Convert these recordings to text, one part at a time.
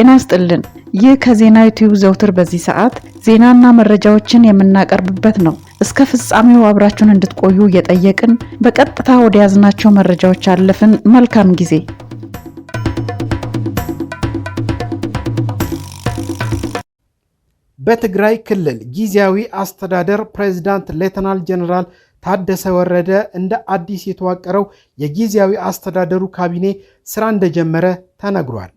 ጤና ይስጥልን። ይህ ከዜና ዩቲዩብ ዘውትር በዚህ ሰዓት ዜናና መረጃዎችን የምናቀርብበት ነው። እስከ ፍጻሜው አብራችሁን እንድትቆዩ እየጠየቅን በቀጥታ ወደ ያዝናቸው መረጃዎች አለፍን። መልካም ጊዜ። በትግራይ ክልል ጊዜያዊ አስተዳደር ፕሬዝዳንት ሌተናል ጀነራል ታደሰ ወረደ እንደ አዲስ የተዋቀረው የጊዜያዊ አስተዳደሩ ካቢኔ ስራ እንደጀመረ ተነግሯል።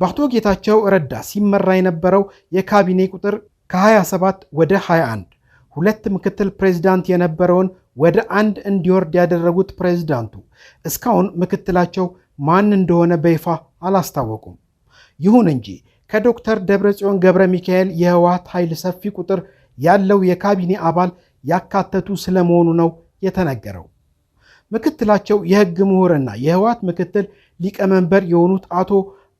በአቶ ጌታቸው ረዳ ሲመራ የነበረው የካቢኔ ቁጥር ከ27 ወደ 21 ሁለት ምክትል ፕሬዚዳንት የነበረውን ወደ አንድ እንዲወርድ ያደረጉት ፕሬዚዳንቱ እስካሁን ምክትላቸው ማን እንደሆነ በይፋ አላስታወቁም። ይሁን እንጂ ከዶክተር ደብረጽዮን ገብረ ሚካኤል የህወሓት ኃይል ሰፊ ቁጥር ያለው የካቢኔ አባል ያካተቱ ስለመሆኑ ነው የተነገረው። ምክትላቸው የህግ ምሁርና የህወሓት ምክትል ሊቀመንበር የሆኑት አቶ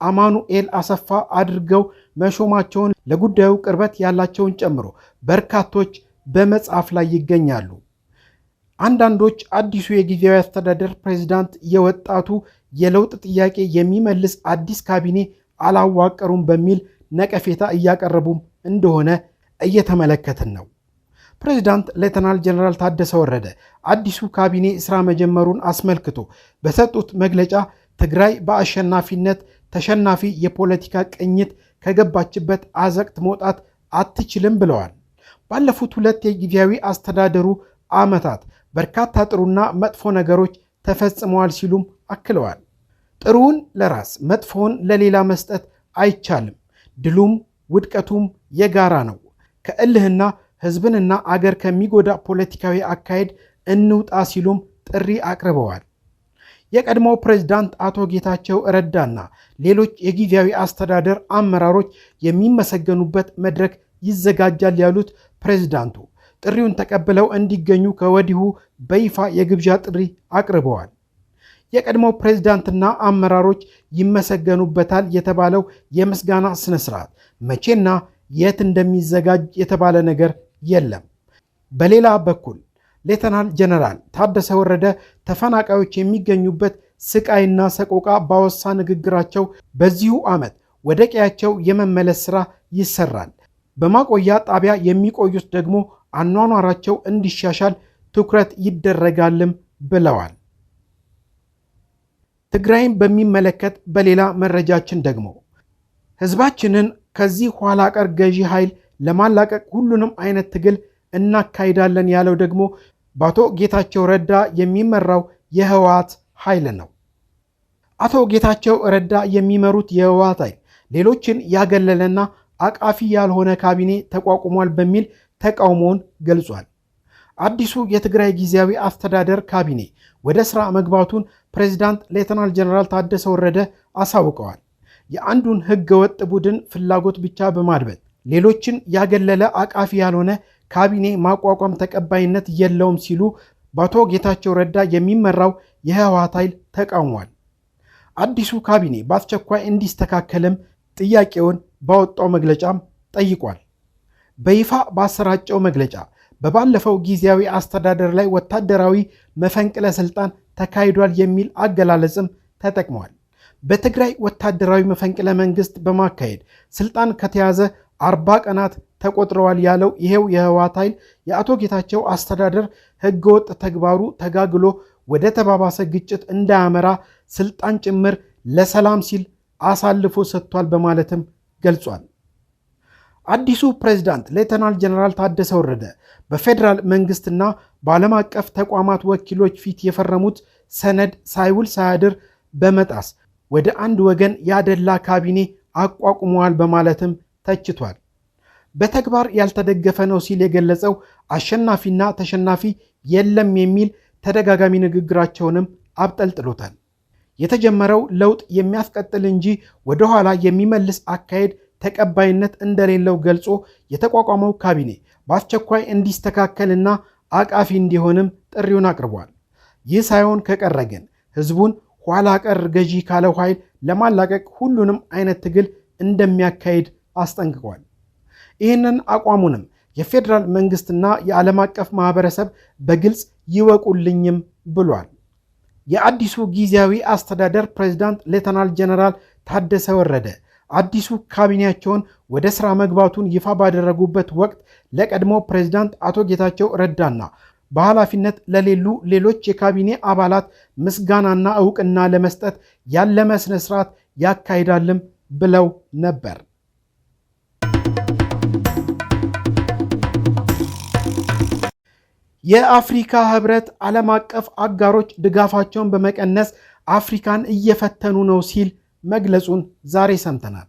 አማኑኤል አሰፋ አድርገው መሾማቸውን ለጉዳዩ ቅርበት ያላቸውን ጨምሮ በርካቶች በመጽሐፍ ላይ ይገኛሉ። አንዳንዶች አዲሱ የጊዜያዊ አስተዳደር ፕሬዚዳንት የወጣቱ የለውጥ ጥያቄ የሚመልስ አዲስ ካቢኔ አላዋቀሩም በሚል ነቀፌታ እያቀረቡም እንደሆነ እየተመለከትን ነው። ፕሬዚዳንት ሌተናል ጀነራል ታደሰ ወረደ አዲሱ ካቢኔ ስራ መጀመሩን አስመልክቶ በሰጡት መግለጫ ትግራይ በአሸናፊነት ተሸናፊ የፖለቲካ ቅኝት ከገባችበት አዘቅት መውጣት አትችልም ብለዋል። ባለፉት ሁለት የጊዜያዊ አስተዳደሩ ዓመታት በርካታ ጥሩና መጥፎ ነገሮች ተፈጽመዋል ሲሉም አክለዋል። ጥሩውን ለራስ መጥፎውን ለሌላ መስጠት አይቻልም። ድሉም ውድቀቱም የጋራ ነው። ከእልህና ህዝብንና አገር ከሚጎዳ ፖለቲካዊ አካሄድ እንውጣ ሲሉም ጥሪ አቅርበዋል። የቀድሞ ፕሬዝዳንት አቶ ጌታቸው ረዳና ሌሎች የጊዜያዊ አስተዳደር አመራሮች የሚመሰገኑበት መድረክ ይዘጋጃል ያሉት ፕሬዝዳንቱ ጥሪውን ተቀብለው እንዲገኙ ከወዲሁ በይፋ የግብዣ ጥሪ አቅርበዋል። የቀድሞ ፕሬዝዳንትና አመራሮች ይመሰገኑበታል የተባለው የምስጋና ስነስርዓት መቼና የት እንደሚዘጋጅ የተባለ ነገር የለም። በሌላ በኩል ሌተናል ጀነራል ታደሰ ወረደ ተፈናቃዮች የሚገኙበት ስቃይና ሰቆቃ ባወሳ ንግግራቸው በዚሁ ዓመት ወደ ቀያቸው የመመለስ ሥራ ይሰራል፣ በማቆያ ጣቢያ የሚቆዩት ደግሞ አኗኗራቸው እንዲሻሻል ትኩረት ይደረጋልም ብለዋል። ትግራይን በሚመለከት በሌላ መረጃችን ደግሞ ህዝባችንን ከዚህ ኋላ ቀር ገዢ ኃይል ለማላቀቅ ሁሉንም አይነት ትግል እናካሂዳለን ያለው ደግሞ በአቶ ጌታቸው ረዳ የሚመራው የህወሓት ኃይል ነው። አቶ ጌታቸው ረዳ የሚመሩት የህወሓት ኃይል ሌሎችን ያገለለና አቃፊ ያልሆነ ካቢኔ ተቋቁሟል በሚል ተቃውሞውን ገልጿል። አዲሱ የትግራይ ጊዜያዊ አስተዳደር ካቢኔ ወደ ሥራ መግባቱን ፕሬዚዳንት ሌተናል ጀነራል ታደሰ ወረደ አሳውቀዋል። የአንዱን ህገ ወጥ ቡድን ፍላጎት ብቻ በማድበት ሌሎችን ያገለለ አቃፊ ያልሆነ ካቢኔ ማቋቋም ተቀባይነት የለውም ሲሉ በአቶ ጌታቸው ረዳ የሚመራው የህወሓት ኃይል ተቃውሟል። አዲሱ ካቢኔ በአስቸኳይ እንዲስተካከልም ጥያቄውን ባወጣው መግለጫም ጠይቋል። በይፋ ባሰራጨው መግለጫ በባለፈው ጊዜያዊ አስተዳደር ላይ ወታደራዊ መፈንቅለ ስልጣን ተካሂዷል የሚል አገላለጽም ተጠቅመዋል። በትግራይ ወታደራዊ መፈንቅለ መንግስት በማካሄድ ስልጣን ከተያዘ አርባ ቀናት ተቆጥረዋል ያለው ይሄው የህወሓት ኃይል የአቶ ጌታቸው አስተዳደር ህገወጥ ተግባሩ ተጋግሎ ወደ ተባባሰ ግጭት እንዳያመራ ስልጣን ጭምር ለሰላም ሲል አሳልፎ ሰጥቷል በማለትም ገልጿል። አዲሱ ፕሬዝዳንት ሌተናል ጀነራል ታደሰ ወረደ በፌዴራል መንግስትና በዓለም አቀፍ ተቋማት ወኪሎች ፊት የፈረሙት ሰነድ ሳይውል ሳያድር በመጣስ ወደ አንድ ወገን ያደላ ካቢኔ አቋቁመዋል በማለትም ተችቷል። በተግባር ያልተደገፈ ነው ሲል የገለጸው አሸናፊና ተሸናፊ የለም የሚል ተደጋጋሚ ንግግራቸውንም አብጠልጥሎታል። የተጀመረው ለውጥ የሚያስቀጥል እንጂ ወደኋላ የሚመልስ አካሄድ ተቀባይነት እንደሌለው ገልጾ የተቋቋመው ካቢኔ በአስቸኳይ እንዲስተካከልና አቃፊ እንዲሆንም ጥሪውን አቅርቧል። ይህ ሳይሆን ከቀረ ግን ህዝቡን ኋላ ቀር ገዢ ካለው ኃይል ለማላቀቅ ሁሉንም አይነት ትግል እንደሚያካሄድ አስጠንቅቋል። ይህንን አቋሙንም የፌዴራል መንግስትና የዓለም አቀፍ ማህበረሰብ በግልጽ ይወቁልኝም ብሏል። የአዲሱ ጊዜያዊ አስተዳደር ፕሬዝዳንት ሌተናል ጀነራል ታደሰ ወረደ አዲሱ ካቢኔያቸውን ወደ ሥራ መግባቱን ይፋ ባደረጉበት ወቅት ለቀድሞ ፕሬዝዳንት አቶ ጌታቸው ረዳና በኃላፊነት ለሌሉ ሌሎች የካቢኔ አባላት ምስጋናና እውቅና ለመስጠት ያለመ ስነ ስርዓት ያካሂዳልም ብለው ነበር። የአፍሪካ ህብረት ዓለም አቀፍ አጋሮች ድጋፋቸውን በመቀነስ አፍሪካን እየፈተኑ ነው ሲል መግለጹን ዛሬ ሰምተናል።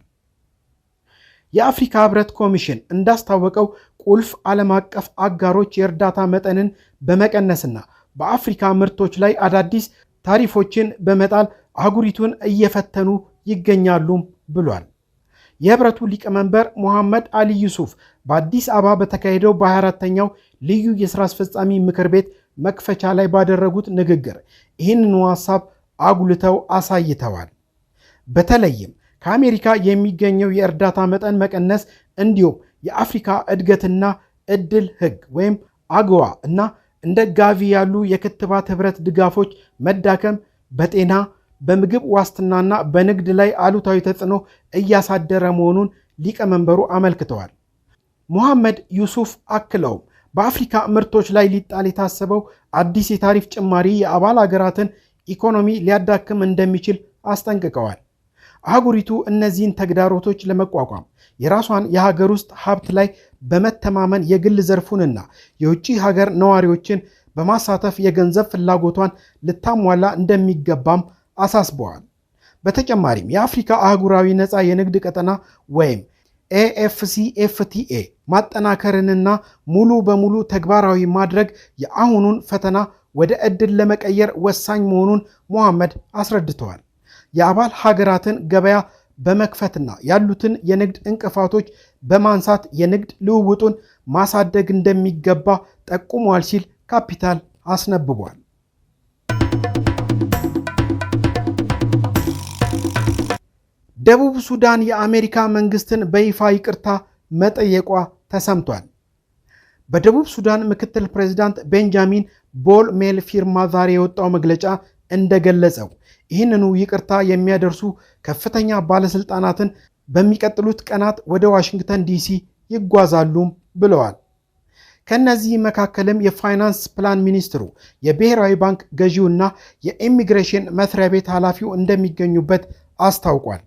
የአፍሪካ ህብረት ኮሚሽን እንዳስታወቀው ቁልፍ ዓለም አቀፍ አጋሮች የእርዳታ መጠንን በመቀነስና በአፍሪካ ምርቶች ላይ አዳዲስ ታሪፎችን በመጣል አህጉሪቱን እየፈተኑ ይገኛሉም ብሏል። የህብረቱ ሊቀመንበር ሞሐመድ አሊ ዩሱፍ በአዲስ አበባ በተካሄደው በ24ተኛው ልዩ የስራ አስፈጻሚ ምክር ቤት መክፈቻ ላይ ባደረጉት ንግግር ይህንኑ ሐሳብ አጉልተው አሳይተዋል። በተለይም ከአሜሪካ የሚገኘው የእርዳታ መጠን መቀነስ እንዲሁም የአፍሪካ እድገትና እድል ህግ ወይም አግዋ እና እንደ ጋቪ ያሉ የክትባት ህብረት ድጋፎች መዳከም በጤና በምግብ ዋስትናና በንግድ ላይ አሉታዊ ተጽዕኖ እያሳደረ መሆኑን ሊቀመንበሩ አመልክተዋል። ሙሐመድ ዩሱፍ አክለውም በአፍሪካ ምርቶች ላይ ሊጣል የታሰበው አዲስ የታሪፍ ጭማሪ የአባል አገራትን ኢኮኖሚ ሊያዳክም እንደሚችል አስጠንቅቀዋል። አህጉሪቱ እነዚህን ተግዳሮቶች ለመቋቋም የራሷን የሀገር ውስጥ ሀብት ላይ በመተማመን የግል ዘርፉንና የውጭ ሀገር ነዋሪዎችን በማሳተፍ የገንዘብ ፍላጎቷን ልታሟላ እንደሚገባም አሳስበዋል። በተጨማሪም የአፍሪካ አህጉራዊ ነፃ የንግድ ቀጠና ወይም ኤኤፍሲኤፍቲኤ ማጠናከርንና ሙሉ በሙሉ ተግባራዊ ማድረግ የአሁኑን ፈተና ወደ ዕድል ለመቀየር ወሳኝ መሆኑን ሞሐመድ አስረድተዋል። የአባል ሀገራትን ገበያ በመክፈትና ያሉትን የንግድ እንቅፋቶች በማንሳት የንግድ ልውውጡን ማሳደግ እንደሚገባ ጠቁሟል ሲል ካፒታል አስነብቧል። ደቡብ ሱዳን የአሜሪካ መንግስትን በይፋ ይቅርታ መጠየቋ ተሰምቷል። በደቡብ ሱዳን ምክትል ፕሬዚዳንት ቤንጃሚን ቦል ሜል ፊርማ ዛሬ የወጣው መግለጫ እንደገለጸው ይህንኑ ይቅርታ የሚያደርሱ ከፍተኛ ባለስልጣናትን በሚቀጥሉት ቀናት ወደ ዋሽንግተን ዲሲ ይጓዛሉም ብለዋል። ከእነዚህ መካከልም የፋይናንስ ፕላን ሚኒስትሩ፣ የብሔራዊ ባንክ ገዢው እና የኢሚግሬሽን መስሪያ ቤት ኃላፊው እንደሚገኙበት አስታውቋል።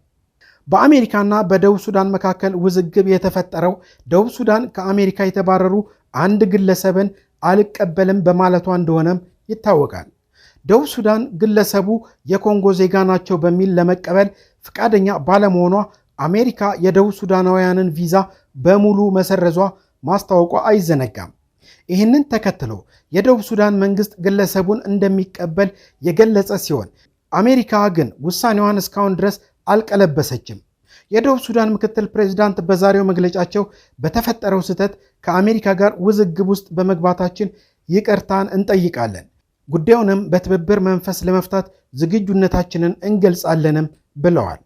በአሜሪካና በደቡብ ሱዳን መካከል ውዝግብ የተፈጠረው ደቡብ ሱዳን ከአሜሪካ የተባረሩ አንድ ግለሰብን አልቀበልም በማለቷ እንደሆነም ይታወቃል። ደቡብ ሱዳን ግለሰቡ የኮንጎ ዜጋ ናቸው በሚል ለመቀበል ፈቃደኛ ባለመሆኗ አሜሪካ የደቡብ ሱዳናውያንን ቪዛ በሙሉ መሰረዟ ማስታወቋ አይዘነጋም። ይህንን ተከትሎ የደቡብ ሱዳን መንግስት ግለሰቡን እንደሚቀበል የገለጸ ሲሆን አሜሪካ ግን ውሳኔዋን እስካሁን ድረስ አልቀለበሰችም። የደቡብ ሱዳን ምክትል ፕሬዚዳንት በዛሬው መግለጫቸው በተፈጠረው ስህተት ከአሜሪካ ጋር ውዝግብ ውስጥ በመግባታችን ይቅርታን እንጠይቃለን፣ ጉዳዩንም በትብብር መንፈስ ለመፍታት ዝግጁነታችንን እንገልጻለንም ብለዋል።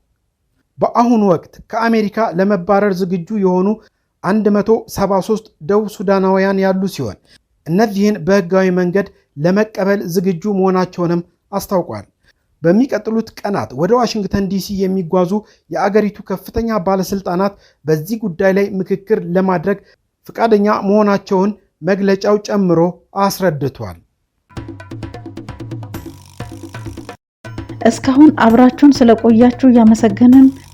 በአሁኑ ወቅት ከአሜሪካ ለመባረር ዝግጁ የሆኑ 173 ደቡብ ሱዳናውያን ያሉ ሲሆን እነዚህን በህጋዊ መንገድ ለመቀበል ዝግጁ መሆናቸውንም አስታውቋል። በሚቀጥሉት ቀናት ወደ ዋሽንግተን ዲሲ የሚጓዙ የአገሪቱ ከፍተኛ ባለስልጣናት በዚህ ጉዳይ ላይ ምክክር ለማድረግ ፈቃደኛ መሆናቸውን መግለጫው ጨምሮ አስረድቷል። እስካሁን አብራችሁን ስለቆያችሁ እያመሰገንን